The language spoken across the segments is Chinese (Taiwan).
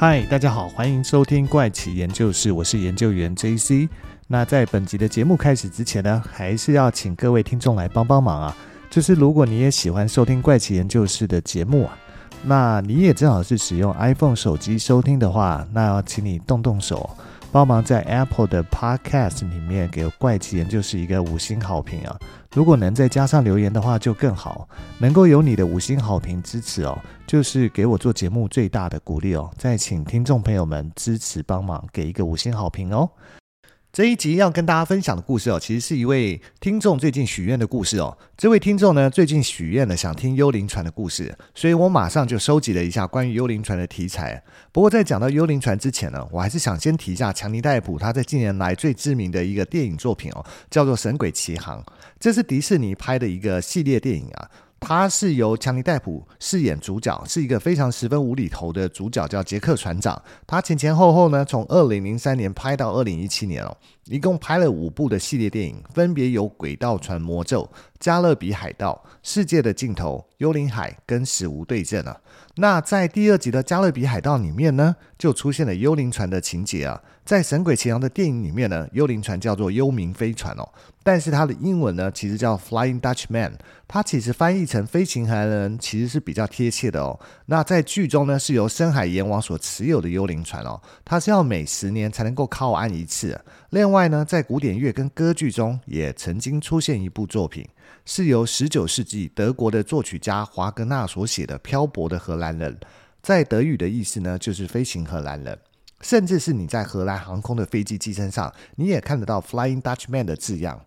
嗨，大家好，歡迎收聽《怪奇研究室》，我是研究員 JC。那在本集的節目開始之前呢，還是要請各位聽眾來幫幫忙啊，就是如果你也喜歡收聽《怪奇研究室》的節目啊，那你也正好是使用 iPhone 手機收聽的話，那要請你動動手。幫忙在 Apple 的 Podcast 裡面給怪奇人就是一個五星好評啊！如果能再加上留言的話就更好，能夠有你的五星好評支持哦，就是給我做節目最大的鼓勵哦！再請聽眾朋友們支持幫忙給一個五星好評哦。這一集要跟大家分享的故事哦，其實是一位聽眾最近許願的故事哦。這位聽眾呢，最近許願了，想聽幽靈船的故事，所以我馬上就收集了一下關於幽靈船的題材。不過在講到幽靈船之前呢，我還是想先提一下強尼戴普他在近年來最知名的一個電影作品哦，叫做《神鬼奇航》，這是迪士尼拍的一個系列電影啊。他是由強尼戴普飾演主角，是一個非常十分無厘頭的主角，叫傑克船長。他前前後後呢，從二零零三年拍到二零一七年哦，一共拍了五部的系列電影，分別有《鬼盜船魔咒》、《加勒比海盜》、《世界的盡頭》、《幽靈海》跟《死無對證》啊。那在第二集的《加勒比海盜》裡面呢，就出現了幽靈船的情節啊。在《神鬼奇航》的電影裡面呢，幽靈船叫做幽冥飛船哦。但是它的英文呢，其實叫 Flying Dutchman，它其實翻譯成“飛行荷蘭人”其實是比較貼切的哦。那在劇中呢，是由深海閻王所持有的幽靈船哦，它是要每十年才能夠靠岸一次。另外呢，在古典樂跟歌劇中也曾經出現一部作品。是由十九世紀德國的作曲家華格納所寫的《漂泊的荷蘭人》，在德語的意思呢，就是“飛行荷蘭人”。甚至是你在荷蘭航空的飛機機身上，你也看得到 “Flying Dutchman” 的字樣。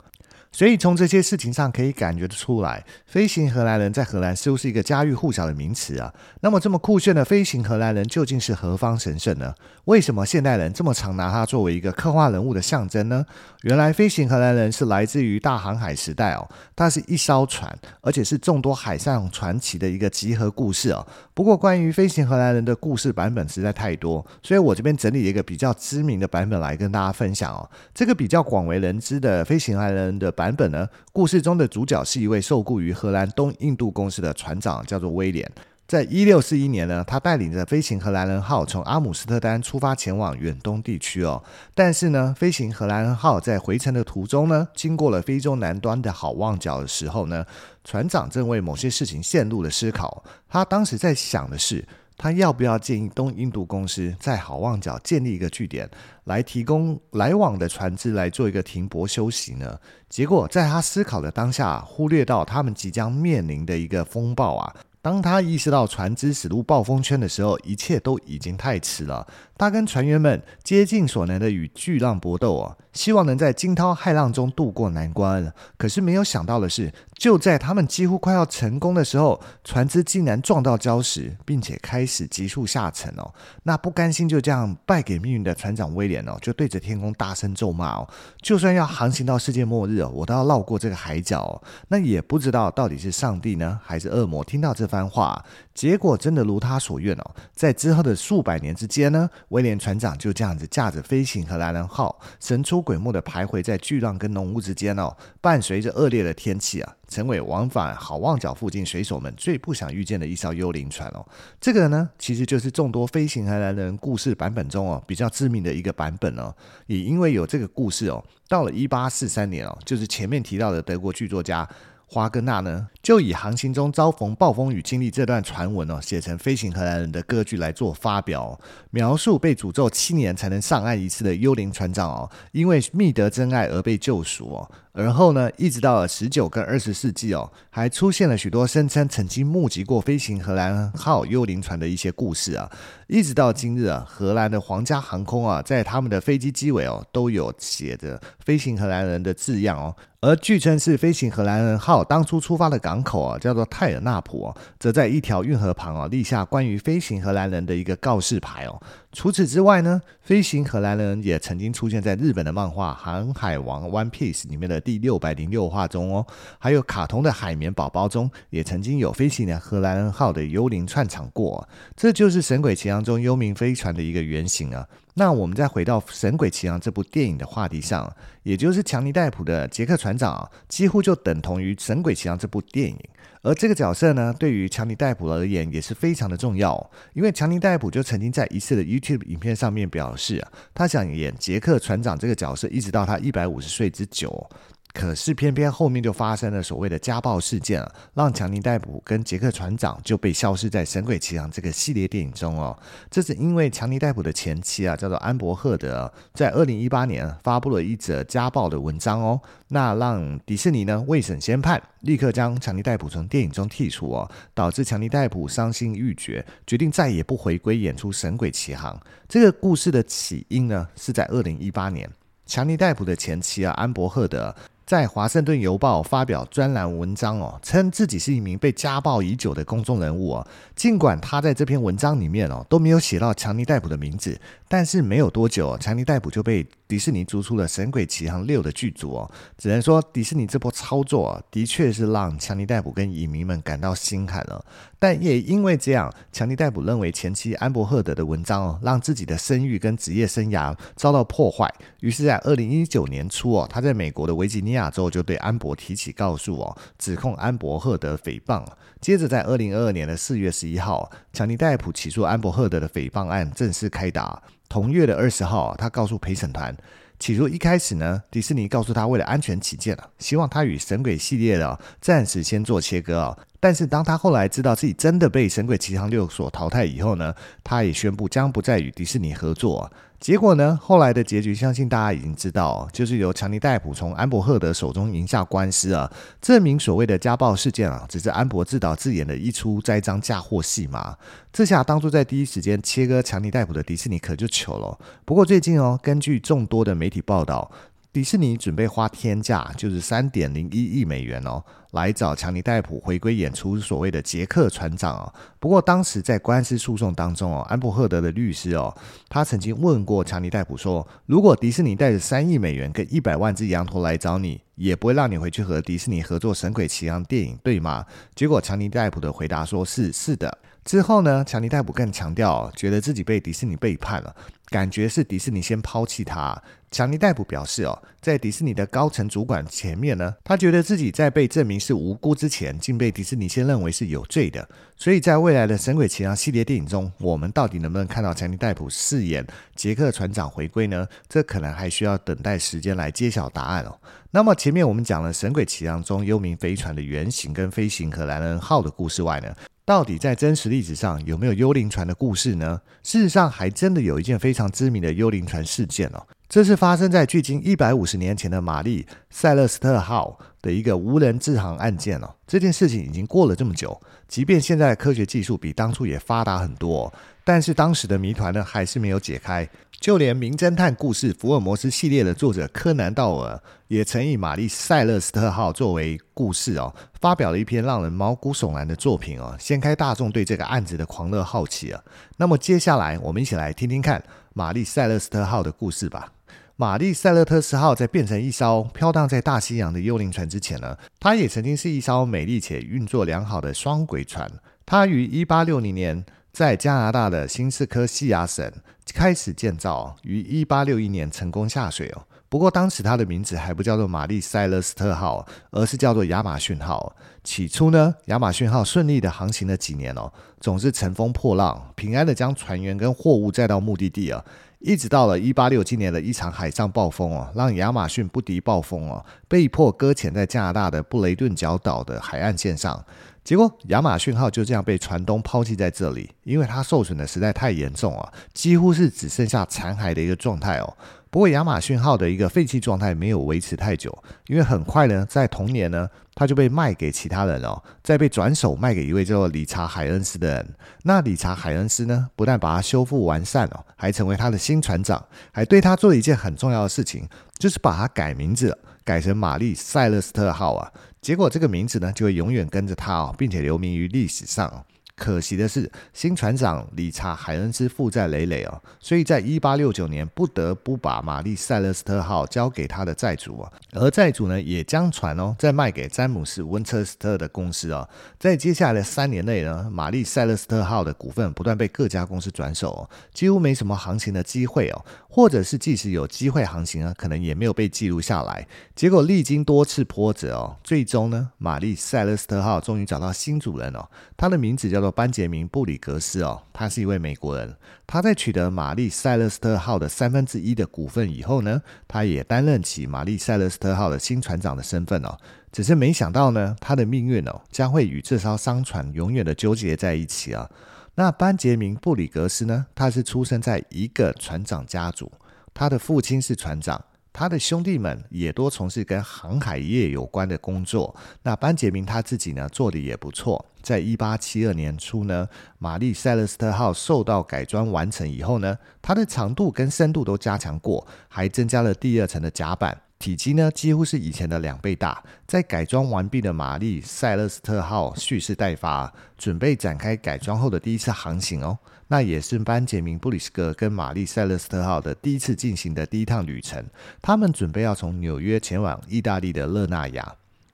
所以從這些事情上可以感覺得出來，飛行荷蘭人在荷蘭似乎是一個家喻戶曉的名詞啊。那麼這麼酷炫的飛行荷蘭人究竟是何方神聖呢？為什麼現代人這麼常拿它作為一個刻畫人物的象徵呢？原來飛行荷蘭人是來自於大航海時代哦，它是一艘船，而且是衆多海上傳奇的一個集合故事哦。不過關於飛行荷蘭人的故事版本實在太多，所以我這邊整理了一個比較知名的版本來跟大家分享哦。這個比較廣為人知的飛行荷蘭人的。版本呢，故事中的主角是一位受雇於荷蘭東印度公司的船長，叫做威廉。在一六四一年呢，他帶領着飛行荷蘭人號從阿姆斯特丹出發，前往遠東地區哦。但是呢，飛行荷蘭人號在回程的途中呢，經過了非洲南端的好望角的時候呢，船長正為某些事情陷入了思考。他當時在想的是。他要不要建議東印度公司在好望角建立一個據點，來提供來往的船只來做一個停泊休息呢？結果在他思考的當下，忽略到他們即將面臨的一個風暴啊！當他意識到船只駛入暴風圈的時候，一切都已經太遲了。他跟船員們竭盡所能的與巨浪搏鬥啊，希望能在驚濤駭浪中渡過難關。可是沒有想到的是。就在他們幾乎快要成功的時候，船只竟然撞到礁石，並且開始急速下沉哦。那不甘心就這樣敗給命運的船長威廉哦，就對着天空大聲咒罵哦。就算要航行到世界末日哦，我都要繞過這個海角哦。那也不知道到底是上帝呢，還是惡魔，聽到這番話，結果真的如他所願哦。在之後的數百年之間呢，威廉船長就這樣子駕着飛行荷蘭人號，神出鬼沒的徘徊在巨浪跟濃霧之間哦，伴隨着惡劣的天氣啊。成為往返好望角附近，水手們最不想遇見的一艘幽靈船哦。這個呢，其實就是眾多飛行荷蘭人故事版本中哦，比較致命的一個版本哦。也因為有這個故事哦，到了一八四三年哦，就是前面提到的德國劇作家華格納呢，就以航行中遭逢暴風雨、經歷這段傳聞哦，寫成《飛行荷蘭人》的歌劇來做發表哦，描述被詛咒七年才能上岸一次的幽靈船長哦，因為覓得真愛而被救贖哦。而後呢，一直到十九跟二十世紀哦，還出現了許多聲稱曾經目擊過飛行荷蘭號幽靈船的一些故事啊。一直到今日啊，荷蘭的皇家航空啊，在他們的飛機機尾哦，都有寫着“飛行荷蘭人”的字樣哦。而據稱是飛行荷蘭人號當初出發的港口啊，叫做泰爾納普哦、啊，則在一條運河旁哦、啊，立下關於飛行荷蘭人的一個告示牌哦。除此之外呢，飛行荷蘭人也曾經出現在日本的漫畫《航海王 One Piece》裡面的第六百零六話中哦，還有卡通的《海綿寶寶》中也曾經有飛行的荷蘭人號的幽靈串場過，這就是《神鬼奇航》中幽冥飛船的一個原型啊。那我們再回到《神鬼奇航》這部電影的話題上，也就是強尼戴普的傑克船長，幾乎就等同於《神鬼奇航》這部電影。而這個角色呢，對於強尼戴普而言也是非常的重要，因為強尼戴普就曾經在一次的 YouTube 影片上面表示，他想演傑克船長這個角色，一直到他一百五十歲之久。可是偏偏後面就發生了所謂的家暴事件啊，讓強尼戴普跟傑克船長就被消失在《神鬼奇航》這個系列電影中哦。這是因為強尼戴普的前妻啊，叫做安博赫德，在二零一八年發布了一則家暴的文章哦，那讓迪士尼呢未審先判，立刻將強尼戴普從電影中剔除哦，導致強尼戴普傷心欲絕，決定再也不回歸演出《神鬼奇航》。這個故事的起因呢，是在二零一八年，強尼戴普的前妻啊，安博赫德。在《華盛頓郵報》發表專欄文章哦，稱自己是一名被家暴已久的公眾人物哦。儘管他在這篇文章裡面哦都沒有寫到強尼戴普的名字，但是沒有多久，強尼戴普就被。迪士尼租出了《神鬼奇航六》的劇組哦，只能說迪士尼這波操作啊，的確是讓強尼戴普跟影迷們感到心寒了。但也因為這樣，強尼戴普認為前妻安伯赫德的文章哦，讓自己的聲譽跟職業生涯遭到破壞。於是，在二零一九年初哦，他在美國的維吉尼亞州就對安博提起告訴哦，指控安博赫德誹謗。接着，在二零二二年的四月十一號，強尼戴普起訴安博赫德的誹謗案正式開打。同月的二十號，他告訴陪審團，起初一開始呢，迪士尼告訴他，為了安全起見啊，希望他與神鬼系列的暫時先做切割啊。但是當他後來知道自己真的被《神鬼奇航六》所淘汰以後呢，他也宣布將不再與迪士尼合作。結果呢，後來的結局相信大家已經知道，就是由強尼戴普從安博赫德手中贏下官司啊，證明所謂的家暴事件啊，只是安博自導自演的一出栽贓嫁禍戲碼。這下當初在第一時間切割強尼戴普的迪士尼可就糗了。不過最近哦，根據眾多的媒體報道。迪士尼準備花天價，就是三點零一億美元哦，來找強尼戴普回歸演出所謂的傑克船長哦，不過當時在官司訴訟當中哦，安布赫德的律師哦，他曾經問過強尼戴普說：“如果迪士尼帶着三億美元跟一百萬只羊駝來找你，也不會讓你回去和迪士尼合作《神鬼奇航》電影，對嗎？”結果強尼戴普的回答說是是的。之後呢，強尼戴普更強調哦，覺得自己被迪士尼背叛了，感覺是迪士尼先拋棄他。強尼·戴普表示：“哦，在迪士尼的高層主管前面呢，他覺得自己在被證明是無辜之前，竟被迪士尼先認為是有罪的。所以在未來的《神鬼奇航》系列電影中，我們到底能不能看到強尼·戴普飾演傑克船長回歸呢？這可能還需要等待時間來揭曉答案哦。那麼前面我們講了《神鬼奇航》中幽冥飛船的原型、跟飛行荷蘭人號的故事外呢？”到底在真實歷史上有沒有幽靈船的故事呢？事實上，還真的有一件非常知名的幽靈船事件哦。這是發生在距今一百五十年前的瑪麗塞勒斯特號的一個無人制航案件哦。這件事情已經過了這麼久，即便現在的科學技術比當初也發達很多，但是當時的謎團呢，還是沒有解開。就連《名偵探故事》福爾摩斯系列的作者柯南道爾也曾以瑪麗塞勒斯特號作為故事哦，發表了一篇讓人毛骨悚然的作品哦，掀開大眾對這個案子的狂熱好奇啊。那麼接下來，我們一起來聽,聽聽看瑪麗塞勒斯特號的故事吧。瑪麗塞勒特斯號在變成一艘飄荡在大西洋的幽靈船之前呢，它也曾經是一艘美麗且運作良好的雙桅船。它於一八六零年。在加拿大的新斯科西亞省開始建造，於一八六一年成功下水哦。不過當時它的名字還不叫做瑪麗塞勒斯特號，而是叫做亞馬遜號。起初呢，亞馬遜號順利的航行了幾年哦，總是乘風破浪，平安的將船員跟貨物載到目的地啊。一直到了一八六七年的一場海上暴風哦，讓亞馬遜不敵暴風哦，被迫擱淺在加拿大的布雷頓角島的海岸線上。結果，亞馬遜號就這樣被船東拋棄在這裡，因為它受損的實在太嚴重啊，幾乎是只剩下殘骸的一個狀態哦。不過，亞馬遜號的一個廢棄狀態沒有維持太久，因為很快呢，在同年呢，它就被賣給其他人，再被轉手賣給一位叫做理查·海恩斯的人。那理查·海恩斯呢，不但把它修復完善哦，還成為他的新船長，還對他做了一件很重要的事情，就是把它改名字，改成瑪麗·塞勒斯特號啊。結果這個名字呢，就會永遠跟着他哦，並且留名於歷史上哦。可惜的是，新船長理查·海恩斯負債累累哦，所以在1869年不得不把瑪麗·賽勒斯特號交給他的債主哦，而債主呢也將船哦再賣給詹姆斯·溫徹斯特的公司哦。在接下來的三年內呢，瑪麗·賽勒斯特號的股份不斷被各家公司轉手哦，幾乎沒什麼航行的機會哦，或者是即使有機會航行啊，可能也沒有被記錄下來。結果歷經多次波折哦，最終呢，瑪麗·賽勒斯特號終於找到新主人哦，他的名字叫做。班傑明·布里格斯哦，他是一位美國人。他在取得瑪麗·賽勒斯特號的三分之一的股份，以後呢，他也擔任起瑪麗·賽勒斯特號的新船長的身份哦。只是沒想到呢，他的命運哦將會與這艘商船永遠的糾結在一起啊。那班傑明·布里格斯呢，他是出生在一個船長家族，他的父親是船長。他的兄弟們也多從事跟航海業有關的工作。那班傑明他自己呢，做得也不錯。在一八七二年初呢，瑪麗塞勒斯特號受到改裝完成以後呢，它的長度跟深度都加強過，還增加了第二層的甲板，體積呢幾乎是以前的兩倍大。在改裝完畢的瑪麗塞勒斯特號蓄勢待發，準備展開改裝後的第一次航行哦。那也是班傑明·布里斯格跟瑪麗·塞勒斯特號的第一次進行的第一趟旅程，他們準備要從紐約前往意大利的熱那亞。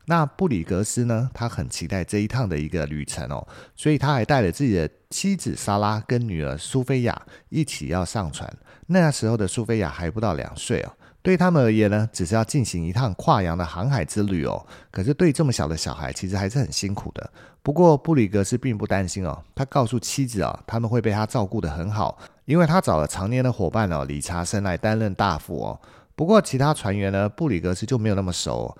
那布里格斯呢，他很期待這一趟的一個旅程哦，所以他還帶着自己的妻子莎拉跟女兒蘇菲亞一起要上船。那時候的蘇菲亞還不到兩歲哦。對他們而言呢，只是要進行一趟跨洋的航海之旅哦。可是對這麼小的小孩，其實還是很辛苦的。不過布里格斯並不擔心哦，他告訴妻子啊、哦，他們會被他照顧得很好，因為他找了常年的伙伴哦，理查森來擔任大副哦。不過其他船員呢，布里格斯就沒有那麼熟、哦。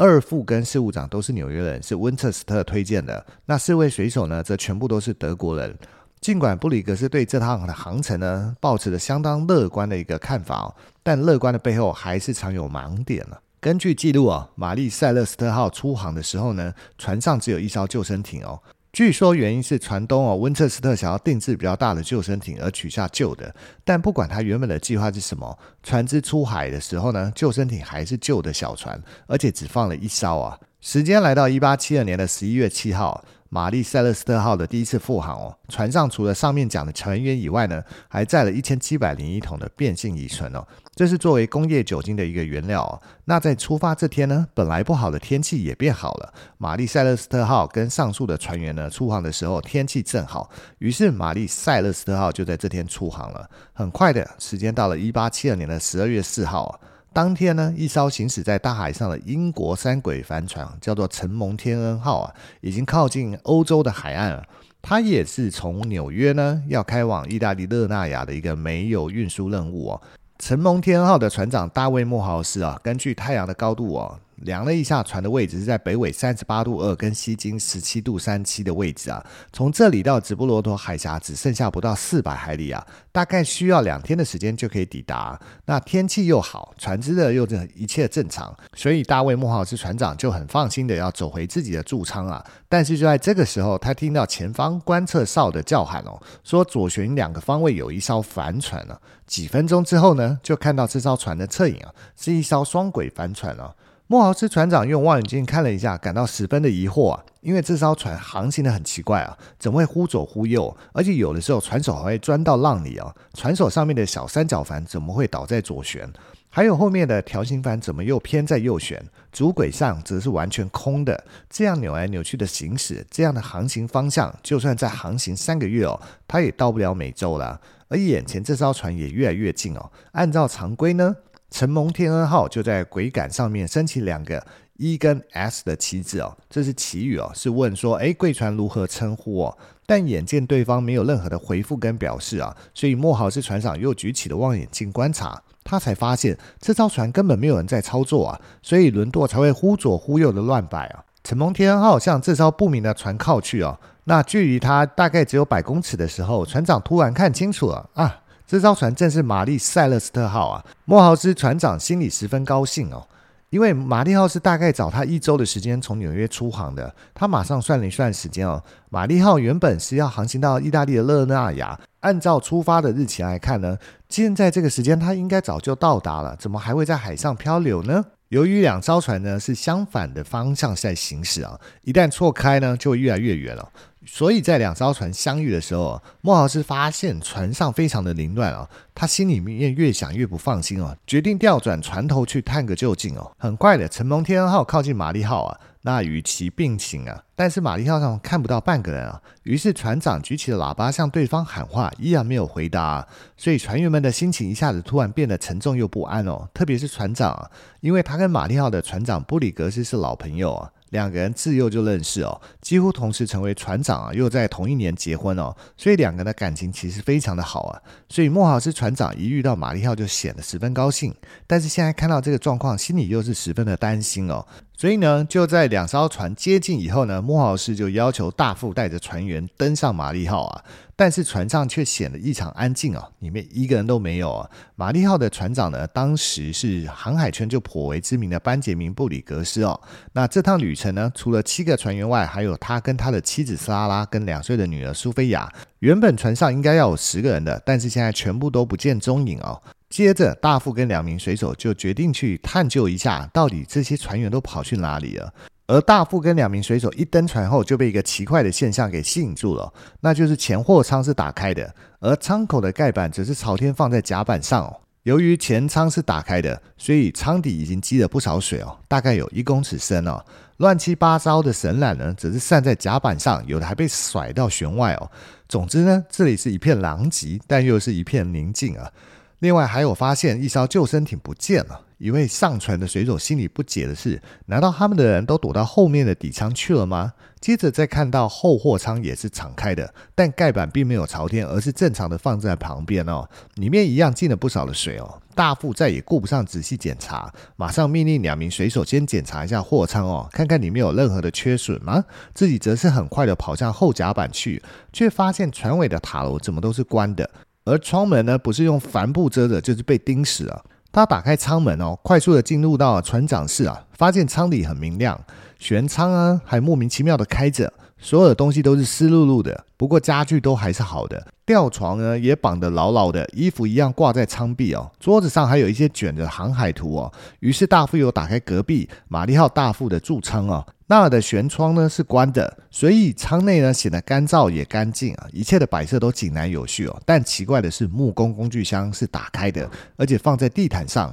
二副跟事務長都是紐約人，是溫徹斯特推薦的。那四位水手呢，則全部都是德國人。儘管布里格斯對這趟的航程呢，抱持着相當樂觀的一個看法哦，但樂觀的背後還是常有盲點了啊。根據記錄哦，瑪麗賽勒斯特號出航的時候呢，船上只有一艘救生艇哦。據說原因是船東哦溫徹斯特想要定制比較大的救生艇而取下舊的，但不管他原本的計劃是什麼，船只出海的時候呢，救生艇還是舊的小船，而且只放了一艘啊。時間來到一八七二年的十一月七號。瑪麗賽勒斯特號的第一次復航哦，船上除了上面講的船員以外呢，還載了一千七百零一桶的變性乙醇哦，這是作為工業酒精的一個原料哦。那在出發這天呢，本來不好的天氣也變好了。瑪麗賽勒斯特號跟上述的船員呢出航的時候天氣正好，於是瑪麗賽勒斯特號就在這天出航了。很快的時間到了一八七二年的十二月四號哦。當天呢，一艘行駛在大海上的英國三桅帆船，叫做“承蒙天恩號”啊，已經靠近歐洲的海岸了。它也是從紐約呢，要開往意大利熱那亞的一個煤油運輸任務哦。“承蒙天恩號”的船長大衛·莫豪斯啊，根據太陽的高度哦，量了一下船的位置是在北緯三十八度二跟西經十七度三七的位置啊。從這裡到直布羅陀海峽只剩下不到四百海里啊，大概需要兩天的時間就可以抵達啊。那天氣又好，船只的又這一切正常，所以大衛莫豪斯船長就很放心的要走回自己的駐艙啊。但是就在這個時候，他聽到前方觀測哨的叫喊哦，說左舷兩個方位有一艘帆船啊。幾分鐘之後呢，就看到這艘船的側影啊，是一艘雙桅帆船哦啊。莫豪斯船長用望遠鏡看了一下，感到十分的疑惑啊，因為這艘船航行的很奇怪啊，怎麼會忽左忽右？而且有的時候船首還會鑽到浪裡啊，船首上面的小三角帆怎麼會倒在左旋？還有後面的條形帆怎麼又偏在右旋？主軌上則是完全空的，這樣扭來扭去的行駛，這樣的航行方向，就算再航行三個月哦，它也到不了美洲了。而眼前這艘船也越來越近哦，按照常規呢，承蒙天恩號就在桅杆上面升起兩個 E 跟 S 的旗子哦，這是旗語哦，是問說，哎，貴船如何稱呼哦？但眼見對方沒有任何的回復跟表示啊，所以莫豪斯船長又舉起了望遠鏡觀察，他才發現這艘船根本沒有人在操作啊，所以輪舵才會忽左忽右的亂擺啊。承蒙天恩號向這艘不明的船靠去哦，那距離它大概只有百公尺的時候，船長突然看清楚了啊！這艘船正是瑪麗·塞勒斯特號啊，莫豪斯船長心裡十分高興哦，因為瑪麗號是大概早他一周的時間從紐約出航的。他馬上算了一算時間哦，瑪麗號原本是要航行到意大利的熱那亞，按照出發的日期來看呢，現在這個時間他應該早就到達了，怎麼還會在海上漂流呢？由於兩艘船呢是相反的方向在行駛啊，一旦錯開呢就越來越遠了，所以在兩艘船相遇的時候，莫豪斯發現船上非常的凌亂啊，他心裡面越想越不放心哦、啊，決定調轉船頭去探個究竟哦。很快的，承蒙天恩號靠近瑪麗號啊。那與其並行啊，但是瑪麗號上看不到半個人啊，於是船長舉起了喇叭向對方喊話，依然沒有回答啊，所以船員們的心情一下子突然變得沉重又不安哦。特別是船長啊，因為他跟瑪麗號的船長布里格斯是老朋友啊，兩個人自幼就認識哦，幾乎同時成為船長啊，又在同一年結婚哦，所以兩個人的感情其實非常的好啊。所以莫豪斯船長一遇到瑪麗號就顯得十分高興，但是現在看到這個狀況，心裡又是十分的擔心哦。所以呢，就在兩艘船接近以後呢，莫豪斯就要求大副帶着船員登上瑪麗號啊，但是船上卻顯得異常安靜哦，裡面一個人都沒有啊。瑪麗號的船長呢，當時是航海圈就頗為知名的班傑明布里格斯哦。那這趟旅程呢，除了七個船員外，還有他跟他的妻子莎拉拉跟兩歲的女兒蘇菲亞。原本船上應該要有十個人的，但是現在全部都不見蹤影哦。接着，大副跟兩名水手就決定去探究一下，到底這些船員都跑去哪裡了。而大副跟兩名水手一登船後，就被一個奇怪的現象給吸引住了，哦，那就是前貨艙是打開的，而艙口的蓋板則是朝天放在甲板上，哦。由於前艙是打開的，所以艙底已經積了不少水哦，大概有一公尺深哦。亂七八糟的繩纜呢，則是散在甲板上，有的還被甩到舷外哦。總之呢，這裡是一片狼藉，但又是一片寧靜啊。另外還有發現一艘救生艇不見了，一位上船的水手心裡不解的是，難道他們的人都躲到後面的底艙去了嗎？接着再看到後貨艙也是敞開的，但蓋板並沒有朝天，而是正常的放在旁邊哦，裡面一樣進了不少的水哦。大副再也顧不上仔細檢查，馬上命令兩名水手先檢查一下貨艙哦，看看裡面有任何的缺損嗎？自己則是很快的跑向後甲板去，卻發現船尾的塔樓怎麼都是關的。而艙門呢，不是用帆布遮着，就是被釘死了。他打開艙門哦，快速的進入到船長室啊，發現艙裡很明亮，舷窗啊還莫名其妙的開着。所有的東西都是濕漉漉的，不過家具都還是好的。吊床呢，也綁得牢牢的，衣服一樣掛在艙壁哦。桌子上還有一些捲的航海圖哦。於是大副又打開隔壁瑪麗號大副的住艙哦，那兒的舷窗呢是關的，所以艙內呢顯得乾燥也乾淨啊。一切的擺設都井然有序哦。但奇怪的是，木工工具箱是打開的，而且放在地毯上。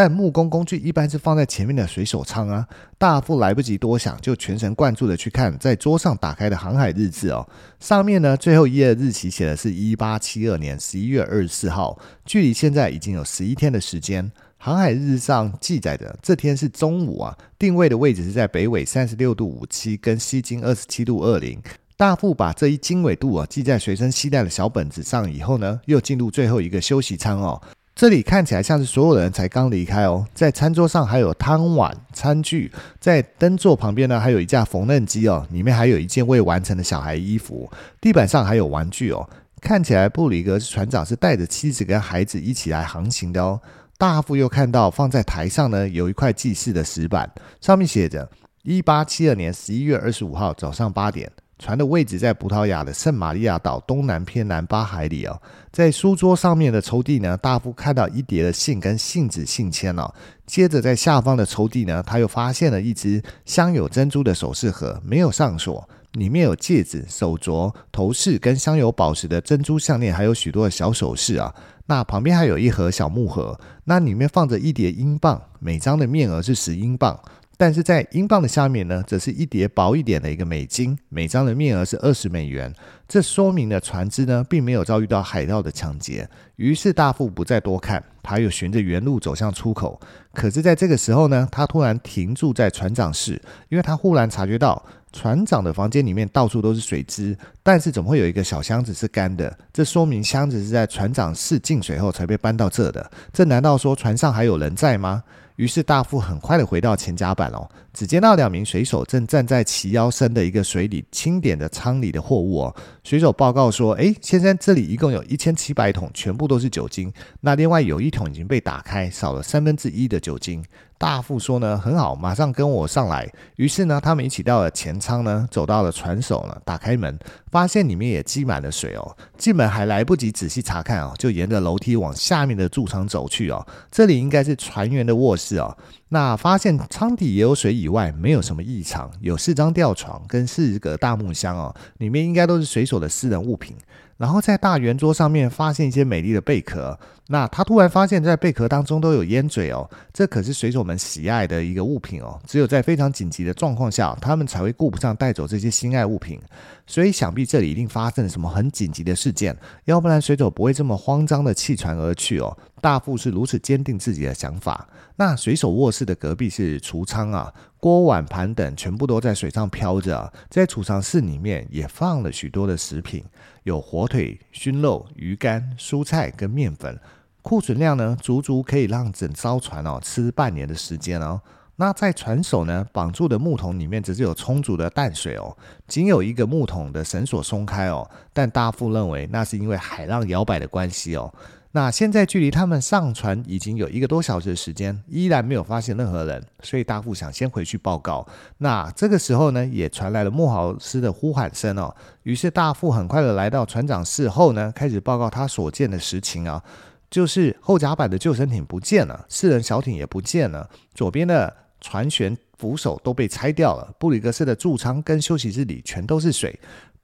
但木工工具一般是放在前面的水手艙啊。大副來不及多想，就全神貫注的去看在桌上打開的航海日誌哦。上面呢，最後一頁的日期寫的是一八七二年十一月二十四號，距離現在已經有十一天的時間。航海日誌上記載的這天是中午啊，定位的位置是在北緯三十六度五七跟西經二十七度二零。大副把這一經緯度啊記在隨身攜帶的小本子上以後呢，又進入最後一個休息艙哦。這裡看起來像是所有人才剛離開哦，在餐桌上還有湯碗餐具，在燈座旁邊呢，還有一架縫紉機哦，裡面還有一件未完成的小孩衣服，地板上還有玩具哦，看起來布里格船長是帶着妻子跟孩子一起來航行的哦。大副又看到放在台上呢有一塊記事的石板，上面寫着一八七二年十一月二十五號早上八點。船的位置在葡萄牙的聖瑪利亞島東南偏南八海里啊、哦，在書桌上面的抽屜呢，大副看到一疊的信跟信紙信籤哦。接着在下方的抽屜呢，他又發現了一只鑲有珍珠的首飾盒，沒有上鎖，裡面有戒指、手鐲、頭飾跟鑲有寶石的珍珠項鏈，還有許多的小首飾啊。那旁邊還有一盒小木盒，那裡面放着一疊英鎊，每張的面額是十英鎊。但是在英鎊的下面呢，則是一疊薄一點的一個美金，每張的面額是二十美元。這說明了船隻呢並沒有遭遇到海盜的搶劫。於是大副不再多看，他又循着原路走向出口。可是，在這個時候呢，他突然停住在船長室，因為他忽然察覺到船長的房間裡面到處都是水漬，但是總會有一個小箱子是乾的。這說明箱子是在船長室進水後才被搬到這的。這難道說船上還有人在嗎？於是，大副很快地回到前甲板嘍。只見到兩名水手正站在齊腰深的一個水裡，清點着艙裡的貨物哦。水手報告說：“哎，先生，這裡一共有一千七百桶，全部都是酒精。那另外有一桶已經被打開，少了三分之一的酒精。”大副說：“呢，很好，馬上跟我上來。”於是呢，他們一起到了前艙呢，走到了船首呢，打開門，發現裡面也積滿了水哦。進門還來不及仔細查看哦，就沿着樓梯往下面的住艙走去哦，這裡應該是船員的臥室哦。那發現艙底也有水以外，沒有什麼異常。有四張吊床跟四個大木箱哦，裡面應該都是水手的私人物品。然後在大圓桌上面發現一些美麗的貝殼，那他突然發現，在貝殼當中都有煙嘴哦，這可是水手們喜愛的一個物品哦，只有在非常緊急的狀況下，他們才會顧不上帶走這些心愛物品，所以想必這裡一定發生了什麼很緊急的事件，要不然水手不會這麼慌張的棄船而去哦。大副是如此堅定自己的想法，那水手臥室的隔壁是廚艙啊。鍋碗盤等全部都在水上漂着啊，在儲藏室裡面也放了許多的食品，有火腿、燻肉、魚乾、蔬菜跟麵粉，庫存量呢足足可以讓整艘船哦吃半年的時間哦。那在船首呢綁住的木桶裡面只是有充足的淡水哦，僅有一個木桶的繩索鬆開哦，但大副認為那是因為海浪搖擺的關係哦。那現在距離他們上船已經有一個多小時的時間，依然沒有發現任何人，所以大副想先回去報告。那這個時候呢，也傳來了莫豪斯的呼喊聲哦。於是大副很快的來到船長室後呢，開始報告他所見的實情啊，就是後甲板的救生艇不見了，四人小艇也不見了，左邊的船舷扶手都被拆掉了，布里格斯的住艙跟休息室裡全都是水。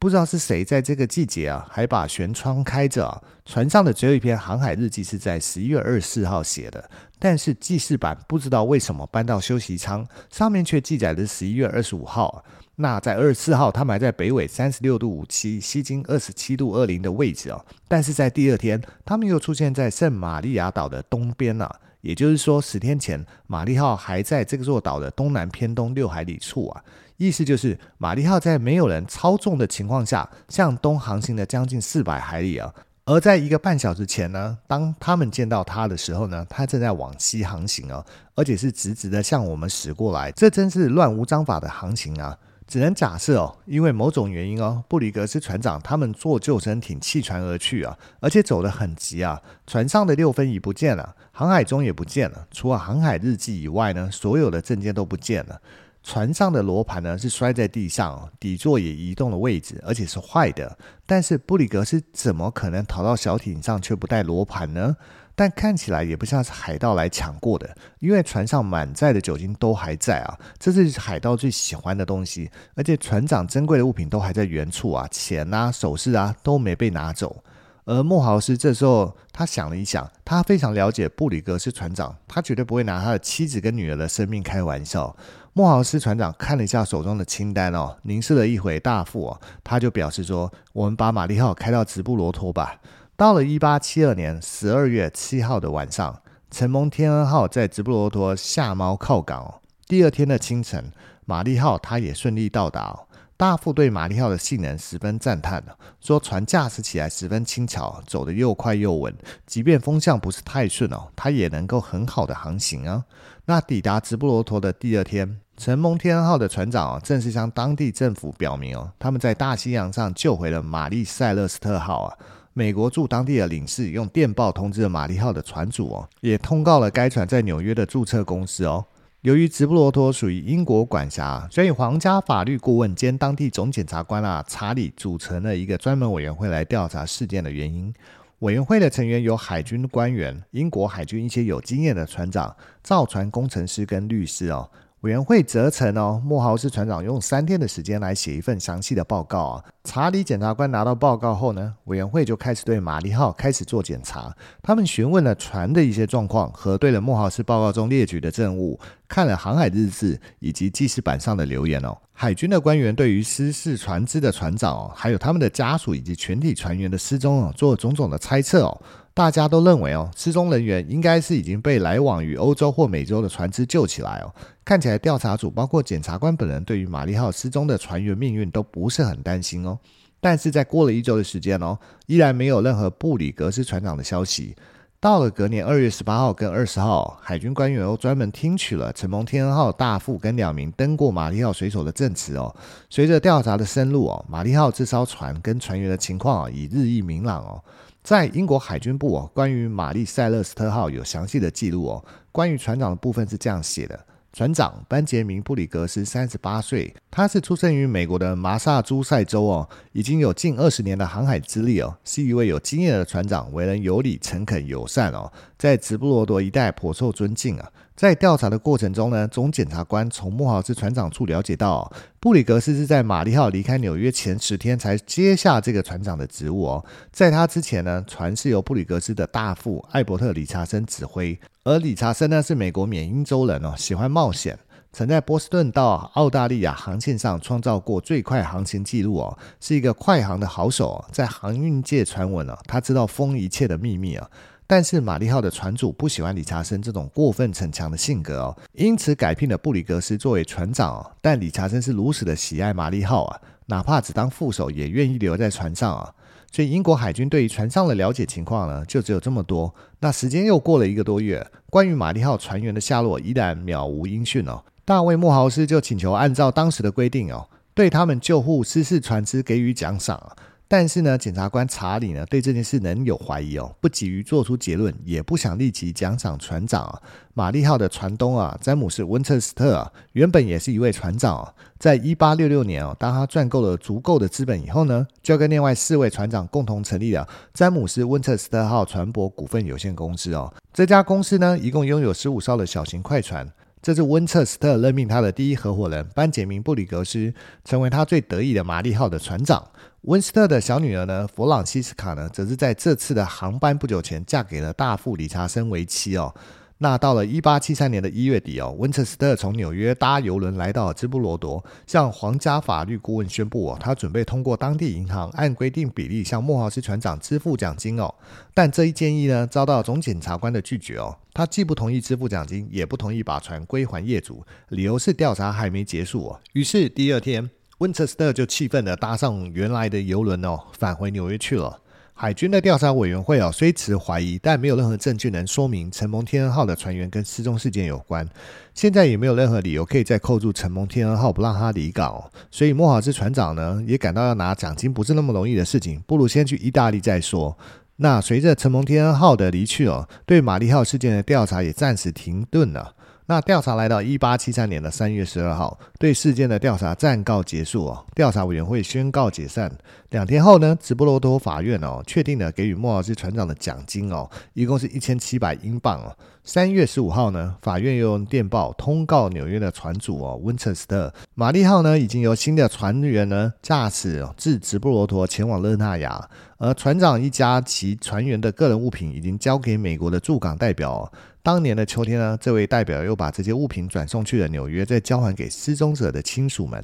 不知道是誰在這個季節啊，還把舷窗開着、啊。船上的只有一篇航海日記是在十一月二十四號寫的，但是記事板不知道為什麼搬到休息艙，上面卻記載著十一月二十五號。那在二十四號，他們還在北緯三十六度五七，西經二十七度二零的位置啊，但是在第二天，他們又出現在聖瑪利亞島的東邊啊，也就是說，十天前，瑪麗號還在這座島的東南偏東六海里處啊。意思就是，瑪麗號在沒有人操縱的情況下向東航行了將近四百海里啊！而在一個半小時前呢，當他們見到他的時候呢，他正在往西航行啊、哦，而且是直直的向我們駛過來。這真是亂無章法的航行啊！只能假設哦，因為某種原因哦，布里格斯船長他們坐救生艇棄船而去啊，而且走得很急啊。船上的六分儀不見了，航海鐘也不見了，除了航海日記以外呢，所有的證件都不見了。船上的羅盤呢，是摔在地上，底座也移動了位置，而且是壞的。但是布里格斯怎麼可能逃到小艇上卻不帶羅盤呢？但看起來也不像是海盜來搶過的，因為船上滿載的酒精都還在啊，這是海盜最喜歡的東西。而且船長珍貴的物品都還在原處啊，錢啊、首飾啊都沒被拿走。而莫豪斯這時候他想了一想，他非常了解布里格斯船長，他絕對不會拿他的妻子跟女兒的生命開玩笑。莫豪斯船長看了一下手中的清單哦，凝視了一回大副哦，他就表示說：“我們把瑪麗號開到直布羅陀吧。”到了一八七二年十二月七號的晚上，承蒙天恩號在直布羅陀下錨靠港哦。第二天的清晨，瑪麗號它也順利到達哦。大副對瑪麗號的性能十分讚嘆哦，說船駕駛起來十分輕巧，走得又快又穩，即便風向不是太順哦，它也能夠很好的航行啊。那抵達直布羅陀的第二天，承蒙天恩號的船長啊，正式向當地政府表明哦，他們在大西洋上救回了瑪麗塞勒斯特號啊。美國駐當地的領事用電報通知了瑪麗號的船主哦，也通告了該船在紐約的註冊公司哦。由於直布羅陀屬於英國管轄，所以皇家法律顧問兼當地總檢察官，啊，查理組成了一個專門委員會來調查事件的原因。委員會的成員有海軍官員、英國海軍一些有經驗的船長、造船工程師跟律師哦。委員會責成哦，莫豪斯船長用三天的時間來寫一份詳細的報告啊。查理檢察官拿到報告後呢，委員會就開始對瑪麗號開始做檢查。他們詢問了船的一些狀況，核對了莫豪斯報告中列舉的證物，看了航海日誌以及記事板上的留言哦。海軍的官員對於失事船隻的船長哦，還有他們的家屬以及全體船員的失蹤哦，做種種的猜測哦。大家都認為哦，失蹤人員應該是已經被來往於歐洲或美洲的船只救起來哦。看起來調查組包括檢察官本人對於瑪麗號失蹤的船員命運都不是很擔心哦。但是在過了一周的時間哦，依然沒有任何布里格斯船長的消息。到了隔年二月十八號跟二十號，海軍官員又專門聽取了承蒙天恩號大副跟兩名登過瑪麗號水手的證詞哦。隨着調查的深入哦，瑪麗號這艘船跟船員的情況已、哦、日益明朗哦。在英國海軍部哦，關於瑪麗賽勒斯特號有詳細的記錄哦，關於船長的部分是這樣寫的。船長班傑明·布里格斯三十八歲，他是出生於美國的麻薩諸塞州哦，已經有近二十年的航海資歷哦，是一位有經驗的船長，為人有禮、誠懇、友善哦，在直布羅陀一帶頗受尊敬啊。在調查的過程中呢，總檢察官從莫豪斯船長處了解到哦，布里格斯是在瑪麗號離開紐約前十天才接下這個船長的職務哦，在他之前呢，船是由布里格斯的大副艾伯特·理查森指揮。而理查森呢，是美國緬因州人哦，喜歡冒險，曾在波士頓到澳大利亞航線上創造過最快航行記錄哦，是一個快航的好手。在航運界傳聞哦，他知道風一切的秘密啊。但是瑪麗號的船主不喜歡理查森這種過分逞強的性格哦，因此改聘了布里格斯作為船長。但理查森是如此的喜愛瑪麗號啊，哪怕只當副手，也願意留在船上啊。所以英國海軍對於船上的了解情況呢，就只有這麼多。那時間又過了一個多月，關於瑪麗號船員的下落依然渺無音訊哦。大衛·莫豪斯就請求按照當時的規定哦，對他們救護失事船只給予獎賞。但是呢，檢察官查理呢，對這件事仍有懷疑哦，不急於做出結論，也不想立即獎賞船長啊。瑪麗號的船東啊，詹姆斯·溫徹斯特啊，原本也是一位船長啊。在一八六六年哦、啊，當他賺夠了足夠的資本以後呢，就要跟另外四位船長共同成立了詹姆斯·溫徹斯特號船舶股份有限公司哦。這家公司呢，一共擁有十五艘的小型快船。這是溫徹斯特任命他的第一合夥人班傑明·布里格斯成為他最得意的瑪麗號的船長。溫斯特的小女兒呢，佛朗西斯卡呢，則是在這次的航班不久前嫁給了大副理查森為妻哦。那到了一八七三年的一月底哦，溫徹斯特從紐約搭郵輪來到直布羅陀，向皇家法律顧問宣布哦，他準備通過當地銀行按規定比例向莫豪斯船長支付獎金哦。但這一建議呢，遭到總檢察官的拒絕哦。他既不同意支付獎金，也不同意把船歸還業主，理由是調查還沒結束哦，於是第二天。溫徹斯特就氣憤地搭上原來的游輪哦，返回紐約去了。海軍的調查委員會哦，雖持懷疑，但沒有任何證據能說明“承蒙天恩號”的船員跟失蹤事件有關。現在也沒有任何理由可以再扣住“承蒙天恩號”不讓他離港。所以莫哈茲船長呢，也感到要拿獎金不是那麼容易的事情，不如先去意大利再說。那隨着“承蒙天恩號”的離去哦，對瑪麗號事件的調查也暫時停頓了。那調查來到一八七三年的三月十二號，對事件的調查暫告結束哦。調查委員會宣告解散。兩天後呢，直布羅陀法院哦，確定了給予莫爾斯船長的獎金哦，一共是一千七百英鎊哦。三月十五號呢，法院又用電報通告紐約的船主哦，溫徹斯特瑪麗號呢，已經由新的船員呢駕駛至、哦、直布羅陀，前往熱那亞，而船長一家其船員的個人物品已經交給美國的駐港代表、哦。當年的秋天呢，這位代表又把這些物品轉送去了紐約，再交還給失蹤者的親屬們。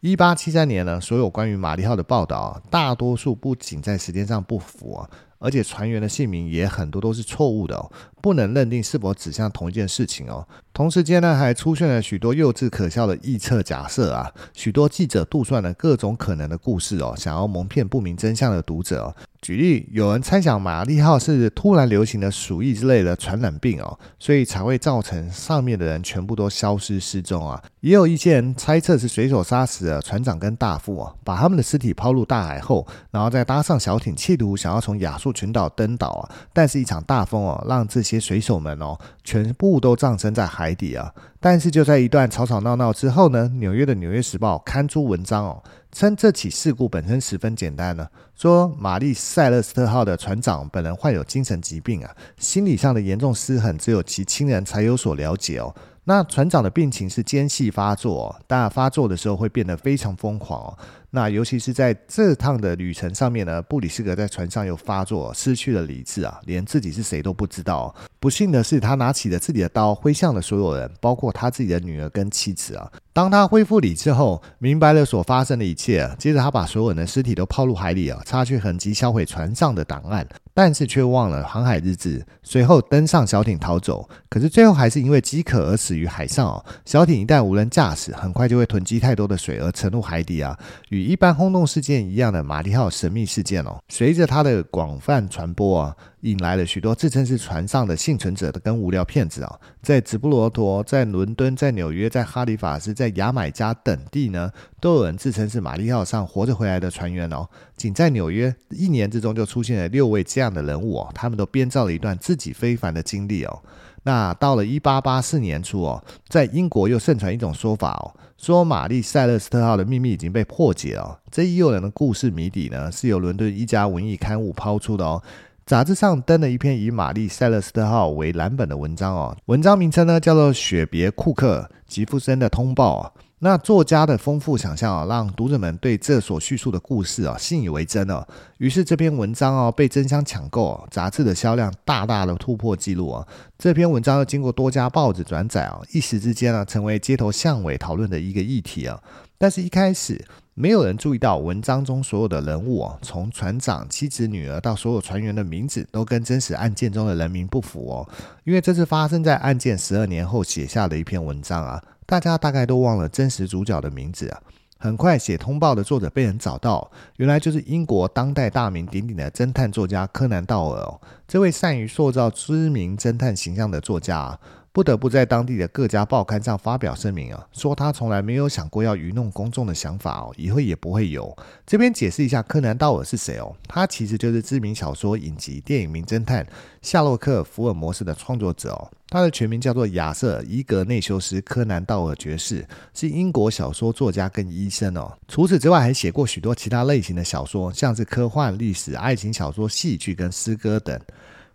一八七三年呢，所有關於瑪麗號的報道，大多數不僅在時間上不符，而且船員的姓名也很多都是錯誤的哦。不能認定是否指向同一件事情哦。同時間呢，還出現了許多幼稚可笑的臆測假設啊，許多記者杜撰了各種可能的故事哦，想要蒙騙不明真相的讀者哦。舉例，有人猜想瑪麗號是突然流行的鼠疫之類的傳染病哦，所以才會造成上面的人全部都消失失蹤啊。也有一些人猜測是水手殺死了船長跟大副哦，把他們的屍體拋入大海後，然後再搭上小艇，企圖想要從亞述群島登島啊。但是一場大風哦，讓自己。些水手們哦，全部都葬身在海底啊！但是就在一段吵吵鬧鬧之後呢，紐約的《紐約時報》刊出文章哦，稱這起事故本身十分簡單呢、啊，說瑪麗賽勒斯特號的船長本人患有精神疾病啊，心理上的嚴重失衡只有其親人才有所了解哦。那船長的病情是間歇發作、哦，但發作的時候會變得非常瘋狂哦。那尤其是在這趟的旅程上面呢，布里斯格在船上又發作，失去了理智啊，連自己是誰都不知道。不幸的是，他拿起了自己的刀，揮向了所有人，包括他自己的女兒跟妻子啊。當他恢復理智後，明白了所發生的一切啊。接着，他把所有人的屍體都拋入海裡啊，擦去痕迹，銷毀船上的檔案，但是卻忘了航海日誌。隨後登上小艇逃走，可是最後還是因為饑渴而死於海上啊。小艇一旦無人駕駛，很快就會囤積太多的水而沉入海底啊。與一般轟動事件一樣的“瑪麗號”神秘事件哦啊，隨着它的廣泛傳播啊。引來了許多自稱是船上的倖存者的跟無聊騙子啊、哦，在直布羅陀、在倫敦、在紐約、在哈利法斯、在牙買加等地呢，都有人自稱是瑪麗號上活着回來的船員哦。僅在紐約一年之中，就出現了六位這樣的人物哦，他們都編造了一段自己非凡的經歷哦。那到了一八八四年初哦，在英國又盛傳一種說法哦，說瑪麗賽勒斯特號的秘密已經被破解了、哦。這一誘人的故事謎底呢，是由倫敦一家文藝刊物拋出的哦。雜誌上登了一篇以瑪麗塞勒斯特號為藍本的文章哦，文章名稱呢叫做《雪別庫克吉富森的通報》啊。那作家的豐富想象啊、哦，讓讀者們對這所敘述的故事啊、哦、信以為真了、哦。於是這篇文章哦被爭相搶購、哦，雜誌的銷量大大的突破紀錄啊、哦。這篇文章又經過多家報紙轉載啊、哦，一時之間呢成為街頭巷尾討論的一個議題啊、哦。但是一開始。沒有人注意到文章中所有的人物哦，從船長、妻子、女兒到所有船員的名字，都跟真實案件中的人名不符哦。因為這是發生在案件十二年後寫下的一篇文章啊，大家大概都忘了真實主角的名字啊。很快，寫通報的作者被人找到，原來就是英國當代大名鼎鼎的偵探作家柯南·道爾哦。這位善於塑造知名偵探形象的作家。不得不在當地的各家報刊上發表聲明啊，說他從來沒有想過要愚弄公眾的想法哦，以後也不會有。這邊解釋一下柯南·道爾是誰哦，他其實就是知名小說影集電影《名偵探夏洛克·福爾摩斯》的創作者哦，他的全名叫做亞瑟·伊格內修斯·柯南·道爾爵士，是英國小說作家跟醫生哦。除此之外，還寫過許多其他類型的小說，像是科幻、歷史、愛情小說、戲劇跟詩歌等。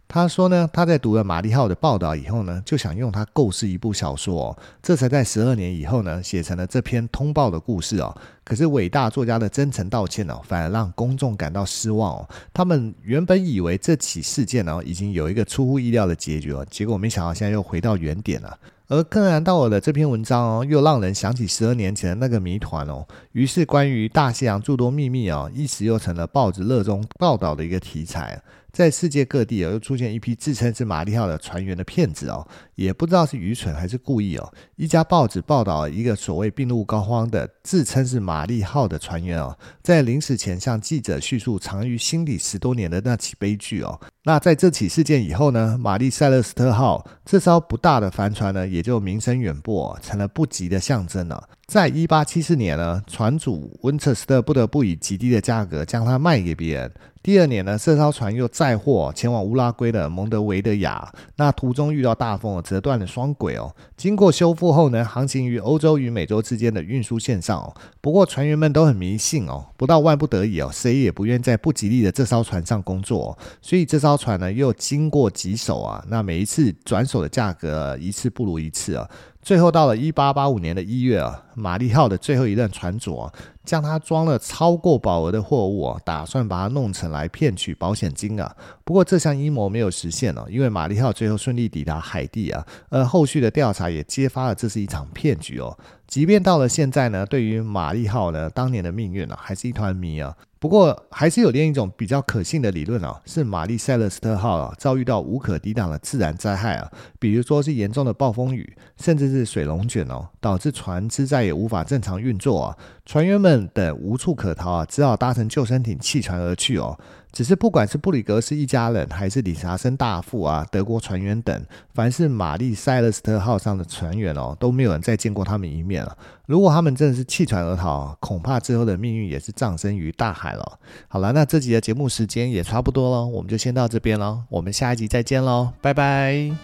他說呢，他在讀了《瑪麗號》的報道以後呢，就想用它構思一部小說哦，這才在十二年以後呢，寫成了這篇通報的故事哦。可是偉大作家的真誠道歉哦，反而讓公眾感到失望哦。他們原本以為這起事件呢、哦，已經有一個出乎意料的結局了，哦，結果沒想到現在又回到原點了。而柯南道爾的這篇文章哦，又讓人想起十二年前的那個謎團哦。於是，關於大西洋諸多秘密哦，一時又成了報紙熱衷報道的一個題材。在世界各地又出現一批自稱是瑪麗號的船員的騙子哦，也不知道是愚蠢還是故意哦。一家報紙報道了一個所謂病入膏肓的自稱是瑪麗號的船員哦，在臨死前向記者敘述藏於心底十多年的那起悲劇哦。那在這起事件以後呢，瑪麗塞勒斯特號這艘不大的帆船呢，也就名聲遠播，成了不吉的象徵了。在一八七四年呢，船主溫徹斯特不得不以極低的價格將它賣給別人。第二年呢，這艘船又載貨前往烏拉圭的蒙德維德亞，那途中遇到大風，折斷了雙軌哦。經過修復後呢，航行於歐洲與美洲之間的運輸線上。不過船員們都很迷信哦，不到萬不得已哦，誰也不願在不吉利的這艘船上工作。所以這艘船呢，又經過幾手啊，那每一次轉手的價格一次不如一次啊。最後到了一八八五年的一月啊。瑪麗號的最後一任船主啊，將它裝了超過保額的貨物啊，打算把它弄成來騙取保險金啊，不過這項陰謀沒有實現哦，因為瑪麗號最後順利抵達海地啊。而後續的調查也揭發了這是一場騙局哦。即便到了現在呢，對於瑪麗號呢，當年的命運啊，還是一團謎啊。不過還是有另一種比較可信的理論啊，是瑪麗塞勒斯特號啊遭遇到無可抵擋的自然災害啊，比如說是嚴重的暴風雨，甚至是水龍捲哦，導致船隻在，也無法正常運作啊！船員們等無處可逃啊，只好搭乘救生艇棄船而去哦。只是不管是布里格斯一家人，還是理查森大副啊，德國船員等，凡是瑪麗塞勒斯特號上的船員哦，都沒有人再見過他們一面了。如果他們真的是棄船而逃，恐怕之後的命運也是葬身於大海了。好了，那這集的節目時間也差不多咯，我們就先到這邊咯，我們下一集再見咯，拜拜。